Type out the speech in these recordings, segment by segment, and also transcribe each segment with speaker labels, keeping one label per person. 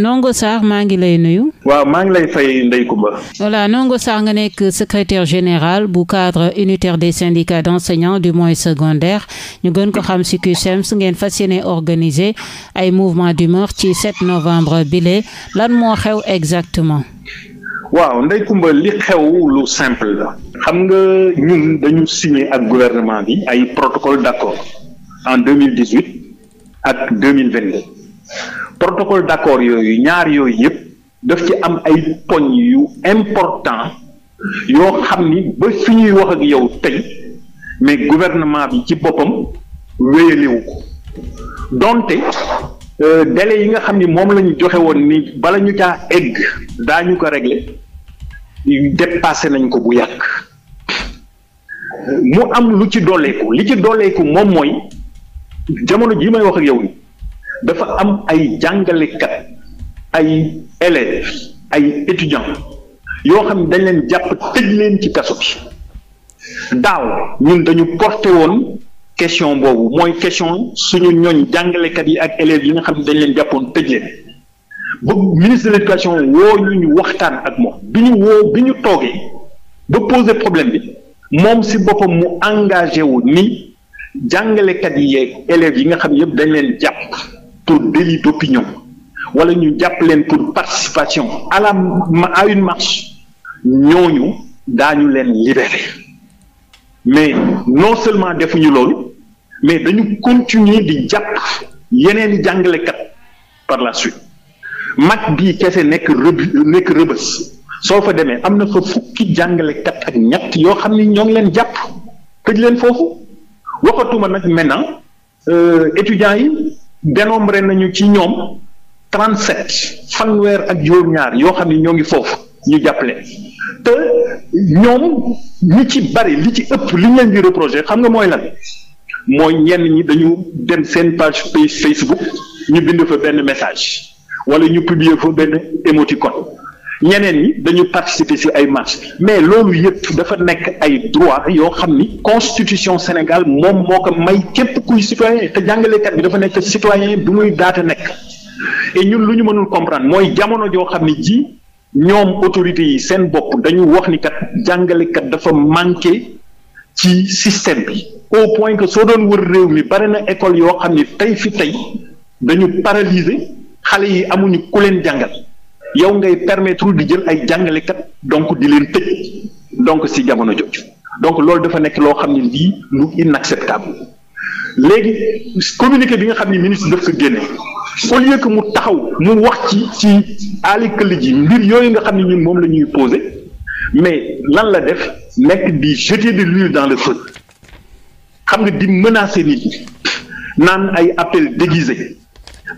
Speaker 1: Ndongo Sarr maa ngi lay nuyu.
Speaker 2: waaw maa ngi lay fay Ndeye Comba.
Speaker 1: voilà Ndongo Sarr nga nekk secrétaire général bu cadre unitaire des syndicats d'enseignants du moyen secondaire ñu gën ko xam ci CUSEMS ngeen fas yéene organiser ay mouvement d'humeur ci 7 novembre bile lan moo xew exactement.
Speaker 2: waaw Ndeye Comba li xew lu simple la. xam nga ñun dañu signer ak gouvernement bi ay protocole d'accord en ak protocole d'accord yooyu ñaar yooyu yëpp daf ci am ay poñ yu important yoo xam ni ba fi ñuy wax ak yow tey mais gouvernement bi ci boppam wéyalewu ko donte euh, délai yi nga xam ni moom la joxe woon ni bala ñu caa egg daañu ko regle dépassé nañ ko bu yàgg mu am lu ci dooleeku li ci dooleeku moom mooy jamono ji may wax ak yow ni dafa am ay jàngalekat ay élèves ay étudiants yoo xam ne dañ leen jàpp tëj leen ci kaso bi daaw ñun dañu porté woon question boobu mooy question suñu ñooñ jàngalekat yi ak élèves yi nga xam ne dañ leen jàppoon tëj leen ba ministre de l'éducation woo ñu ñu waxtaan ak moom bi ñu woo bi ñu toogee ba poser problème bi moom si boppam mu engagé wu ni jàngalekat yi yeeg élèves yi nga xam yëpp dañ leen jàpp pour délit d'opinion wala ñu jàpp leen pour participation à la à une marche ñooñu daañu leen libéré mais non seulement defuñu loolu mais dañu continuer di jàpp yeneen i jàngalekat par la suite mag bii kese nekk nekk rëbës soo fa demee am na fa fukki jàngalekat ak ñett yoo xam ni ñoo ngi leen jàpp tëj leen foofu waxatuma nag maintenant euh, étudiants yi. dénombré nañu ci ñoom trente sept fanweer ak juróom-ñaar yoo xam ne ñoo ngi foofu ñu jàppale te ñoom ñi ci bari li ci ëpp li ñu leen di xam nga mooy lan mooy ñenn ñi dañu dem seen page Facebook ñu bind fa benn message wala ñu publier fa benn émoticône ñeneen yi dañu participer ci ay marche mais loolu yëpp dafa nekk ay droit yoo xam ni constitution Sénégal moom moo ko may képp kuy citoyen te jàngalekat bi dafa nekk citoyen bi muy daata nekk et ñun lu ñu mënul comprendre mooy jamono joo xam ni ji ñoom autorités yi seen bopp dañu wax ni kat jàngalekat dafa manqué ci système bi au point que soo doon war réew mi bare na école yoo xam ni tey fi tey dañu paralyser xale yi amuñu ku leen jàngal yow ngay permettre di jël ay jàngalekat donc di leen tëj donc si jamono jooju donc loolu dafa nekk loo xam ne lii lu inacceptable léegi communiqué bi nga xam ne ministre daf ko génne au lieu que mu taxaw mu wax ci ci àllikëli ji mbir yooyu nga xam ne ñun moom la ñuy posé mais lan la def nekk di jeter de l'huile dans le feu xam nga di menacer nit ñi naan ay appel déguisé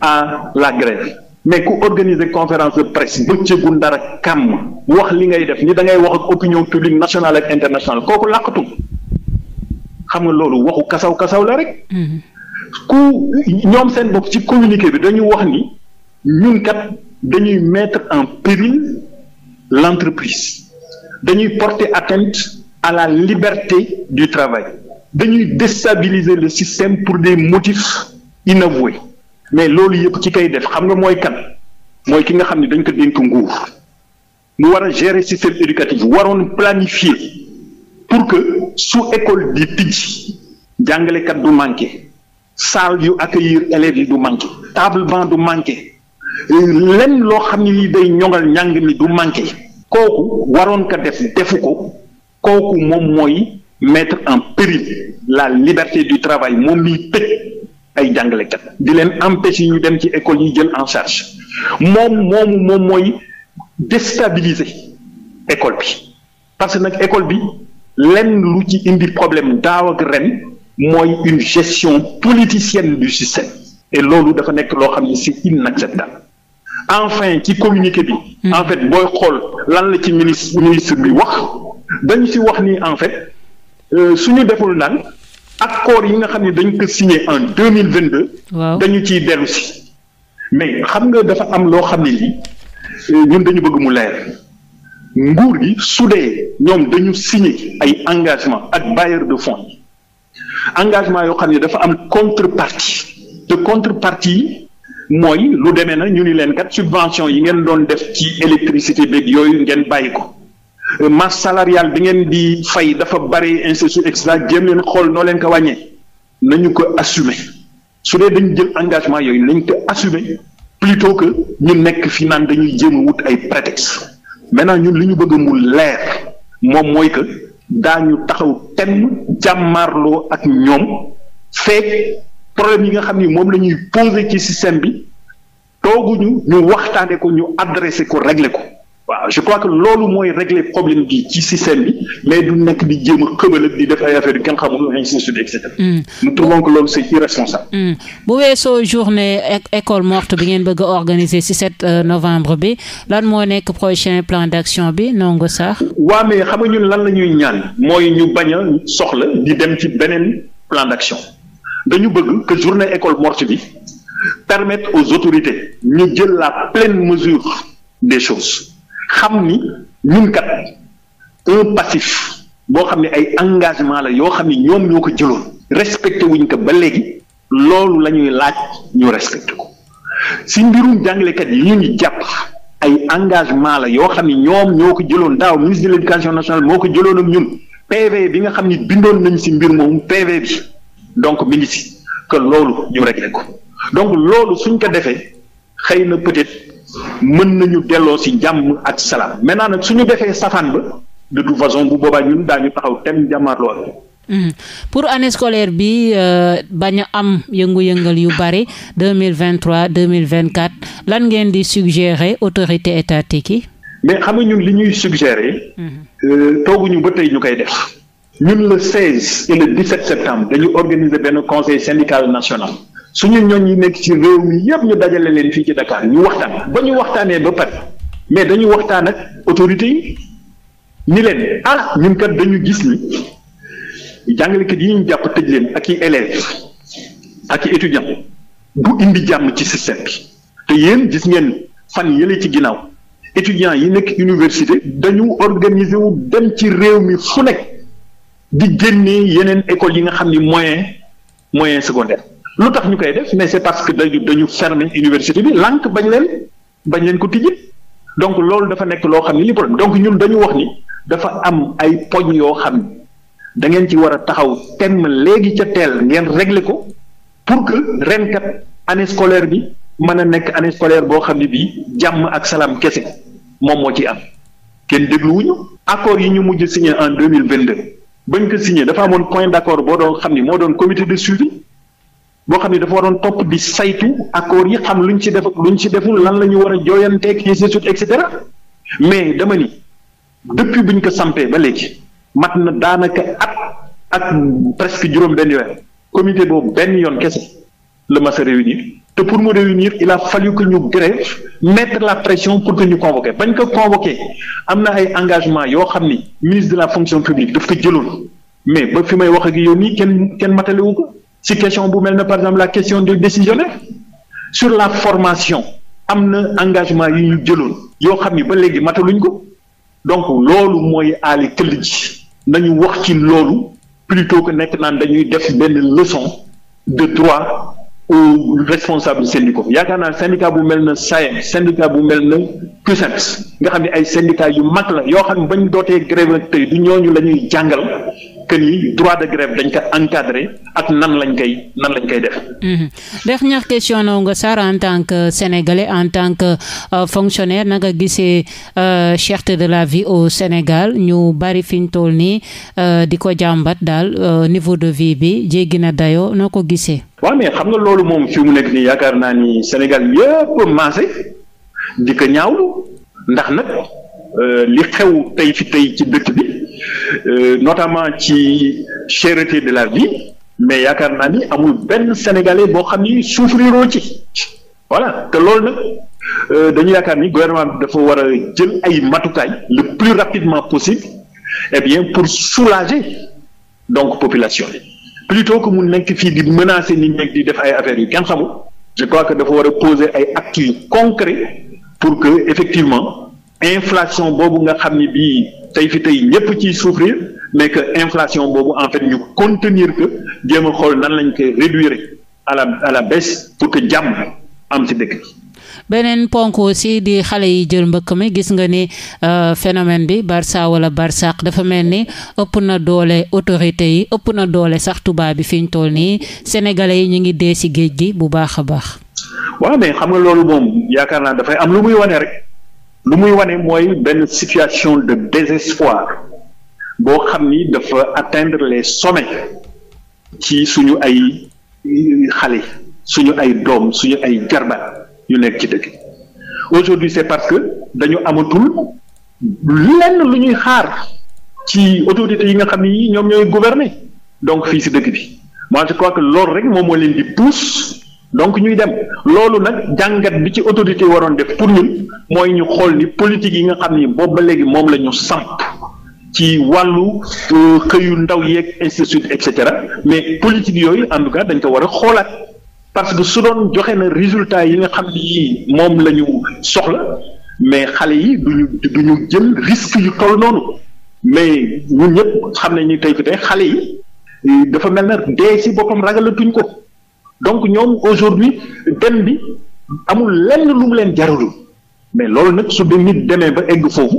Speaker 2: à la grève mais ku organiser conférence de presse bëccëgu dara kàmm wax li ngay def ni dangay ngay wax ak opinion publique nationale ak internationale kooku làqatu xam nga loolu waxu kasaw kasaw la rek. Mm-hmm. ku ñoom seen bopp ci communiqué bi dañuy wax ni ñun kat dañuy mettre en péril l'entreprise dañuy porter atteinte à la liberté du travail dañuy destabiliser le système pour des motifs inavoués. mais loolu yëpp ci kay def xam nga mooy kan mooy ki nga xam ne dañ ko dénk nguur mu war a gérer système éducatif waroon planifier pour que su école di tijji jàngalekat du manqué salle yu accueillir élèves yi du manqué table banc du manqué lenn loo xam ne ni day ñoŋal njàng mi du manqué kooku waroon ko def defu ko kooku moom mooy mettre en péril la liberté du travail moom miy tëj ay jàngalekat di leen empêcher ñu dem ci école yi jël en charge moom moomu moom mooy déstabiliser école bi parce que nag école bi lenn lu ci indi problème daaw ak ren mooy une gestion politicienne du système et loolu dafa nekk loo xam ne c'est inacceptable enfin ci communiqué bi.
Speaker 1: Hmm. en fait booy xool
Speaker 2: lan la ci ministre ministre bi wax dañu si wax ni en fait euh, suñu deful naan. ak koor yi nga xam ne dañ ko signé en deux mille vingt deux. dañu ciy dellu si. mais xam nga dafa am loo xam ne lii euh, ñun dañu bëgg mu leer nguur gi su dee ñoom dañu signé ay engagement ak bailleur de fonds yi engagement yoo xam ne dafa am contrepartie te contrepartie yi mooy lu demee na ñu ni leen kat subvention yi ngeen doon def ci électricité beeg yooyu ngeen bàyyi ko. masse salariale bi ngeen di fay dafa bari institut et cetera jéem leen xool noo leen ko wàññee nañu ko assumer su dee dañu jël engagement yooyu nañ ko assumer plutôt que ñu nekk fi naan dañuy jéem a wut ay prétexte maintenant ñun li ñu bëgg mu leer moom mooy que daañu taxaw tem jàmmaarloo ak ñoom feek problème yi nga xam ni moom la ñuy poser ci système bi tooguñu ñu waxtaane ko ñu adressé ko réglé ko waaw je crois que loolu mooy régler problème bi ci système bi mais du nekk di jéem a xëbal ak di def ay affaires yu kenn xamul ainsi de suite et cetera. Hmm. nous
Speaker 1: hmm. école morte bi ngeen bëgg a organiser ci 7 euh, novembre bi lan moo nekk prochain plan d'action bi Ndongo Sarr.
Speaker 2: waaw mais xam nga ñun lan la ñuy ñaan mooy ñu bañ a soxla di dem ci beneen plan d'action dañu bëgg que journée école morte bi permettre aux autorités ñu jël la pleine mesure des choses. xam ni ñun kat un boo xam ne ay engagement la yoo xam ne ñoom ñoo ko jëloon respecté wuñ ko ba léegi loolu la ñuy laaj ñu respecté ko si mbirum jàngalekat yi ñu jàpp ay engagement la yoo xam ne ñoom ñoo ko jëloon daaw ministre de l' éducation nationale moo ko jëloon ak ñun PV bi nga xam ni bindoon nañ si mbir moomu PV bi donc mi ngi si que loolu ñu réglé ko donc loolu suñ ko defee xëy na peut-être mën nañu delloo si jàmm ak salaam maintenant nag suñu defee safaan ba de toute façon bu boobaa ñun daañu taxaw tem jàmmaarloo
Speaker 1: Mmh. pour année scolaire bi euh, bañ a am yëngu-yëngal yu bari deux mille vingt trois mille vingt quatre lan ngeen di suggérer autorité étatique yi.
Speaker 2: mais xam nga ñun li ñuy suggérer. Hmm. Euh, tooguñu ba tey ñu koy def. ñun le seize et le dix sept septembre dañu organiser benn conseil syndical national. suñu ñoñ yi nekk ci réew mi yëpp ñu dajale leen fii ci Dakar ñu waxtaan ba ñu waxtaanee ba pare mais dañu waxtaan ak autorité yi ni leen ah ñun kat dañu gis ni jàngalekat yi ñu jàpp tëj leen ak i élèves ak i étudiants bu indi jàmm ci système bi te yéen gis ngeen fan yële ci ginnaaw étudiants yi nekk université dañu organiser wu dem ci réew mi fu nekk di génnee yeneen écoles yi nga xam ni moyen moyen secondaire. lu tax ñu koy def mais c'est parce que dañu dañu fermer université bi lànk bañ leen bañ leen ko tijji donc loolu dafa nekk loo xam ne li problème donc ñun dañu wax ni dafa am ay poñ yoo xam ne dangeen ci war a taxaw temm léegi ca teel ngeen régler ko pour que ren kat année bi mën a nekk année scolaire boo xam ne bii jàmm ak salaam kese moom moo ci am kenn dégluwuñu accord yi ñu mujj signé en deux mille vingt deux bañ ko signé dafa amoon point ni moo doon comité de suivi. boo xam ne dafa waroon topp di saytu accords yi xam ñu ci def ñu ci deful lan la ñu war a jooyanteeg ainsi de suite et cetera mais dama ni depuis buñ ko sampee ba léegi mat na daanaka at ak presque juróom-benn weer comité boobu benn yoon kese la mas a réunir te pour mu réunir il a fallu que ñu grève mettre la pression pour que ñu convoqué bañ ko convoqué am na ay engagement yoo xam ni ministre de la fonction publique daf ko jëloon mais ba fi may wax kenn kenn matalewu ko. si question bu mel ne par exemple la question du décisionnaire sur la formation am na engagement yu ñu jëloon yoo xam ni ba léegi mataluñ ko donc loolu mooy aali këll ji nañu wax ci loolu plutôt que nekk naan dañuy def benn leçon de droit aux responsables syndicaux yaakaar naa syndicat bu mel na SAEM syndicat bu mel na CUSEMS nga xam ne ay syndicat yu mag la yoo xam ne bañ dootee grève tey du ñooñu la jàngal que ni droit de grève dañ ko encadré ak nan lañ koy nan lañ
Speaker 1: koy def. Mhm. dernière question Ndongo Sarr en tant que sénégalais en tant que euh, fonctionnaire na nga gisee euh, cherté de la vie au Sénégal ñu bari fi ñu toll nii euh, di ko jàmbat daal niveau de vie bi jéggi na dayoo noo ko gisee.
Speaker 2: waaw mais xam nga loolu moom fi mu nekk nii yaakaar naa ni Sénégal yëpp maase di ko ndax nag li xew tey fi tey ci dëkk bi. Euh, notamment ci cherté de la vie mais yaakaar naa ni amul benn sénégalais boo xam ni souffriroo ci voilà te loolu nag euh, dañu yaakaar ni gouvernement bi dafa war a jël ay matukaay le plus rapidement possible et eh bien pour soulager donc population yi plutôt que mu nekk fii di menacer nit ñi di def ay affaires yu kenn xamul je crois que dafa war a poser ay actes yu concrets pour que effectivement inflation boobu nga xam ni bii tey fi tey ñëpp ciy souffrir mais que inflation boobu en fait ñu contenir que jéem xool nan lañ koy réduire à la à la baisse pour que jàmm am ci dëkk bi.
Speaker 1: beneen ponk aussi di xale yi jël mbëkk mi gis nga ni euh, phénomène bi Barça wala Barsaq dafa mel ni ëpp na doole autorité yi ëpp na doole sax tubaab bi fi ñu toll nii sénégalais yi ñu ngi dee ci géej gi bu baax a baax.
Speaker 2: waaw mais xam nga loolu moom yaakaar naa dafay am lu muy wane rek lu muy wane mooy benn situation de désespoir boo xam ni dafa atteindre les sommets ci suñu ay xale suñu ay doom suñu ay jarbat yu nekk ci dëkk aujourd'hui c'est parce que dañu amatul lenn lu ñuy xaar ci autorités yi nga xam ni ñoom ñooy gouverner donc fii si dëkk bi moi je crois que loolu rek moom moo leen di pousse donc ñuy dem loolu nag jàngat bi ci autorité waroon def pour ñun mooy ñu xool ni politique yi nga xam ni boobu ba léegi moom la ñu samp ci wàllu euh, xëyu ndaw yeeg institut et cetera mais politique yooyu en tout cas dañ ko war a xoolaat parce que su doon joxe na résultat yi nga xam ni moom la ñu soxla mais xale yi du duñu jëm risque yu toll noonu mais ñun ñëpp xam nañ ni tey fi tey xale yi euh, dafa mel na dee si boppam ragalatuñ ko. donc ñoom aujourd'hui dem bi amul lenn lu mu leen jarul mais loolu nag su dem demee ba egg foofu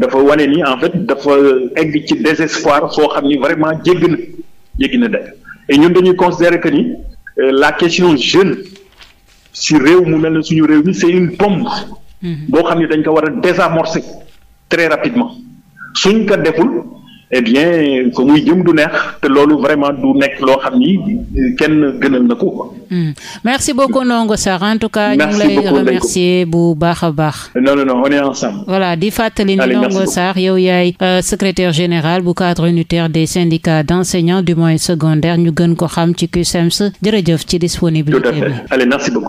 Speaker 2: dafa wane ni en fait dafa egg ci désespoir soo xam ni vraiment jégg na jéggi na day et ñun dañuy considérer que ni euh, la question jeune si réew mu mel ne suñu réew mi c'est une bombe mhm. boo xam ni dañ ko war a désamorcer très rapidement suñ ko deful eh bien fa muy jëm du neex te loolu vraiment du nekk loo xam ni kenn gënal na ko.
Speaker 1: Hmm. merci beaucoup Ndongo Sarr en tout cas. ñu ngi lay remercier bu baax a baax.
Speaker 2: non non non on ensemble.
Speaker 1: di fàttali ni Ndongo Sarr yow yaay euh, secrétaire général bu cadre unitaire des syndicats d'enseignants du moyen secondaire ñu gën ko xam ci CUSEMS e jërëjëf ci disponibilité
Speaker 2: bi. tout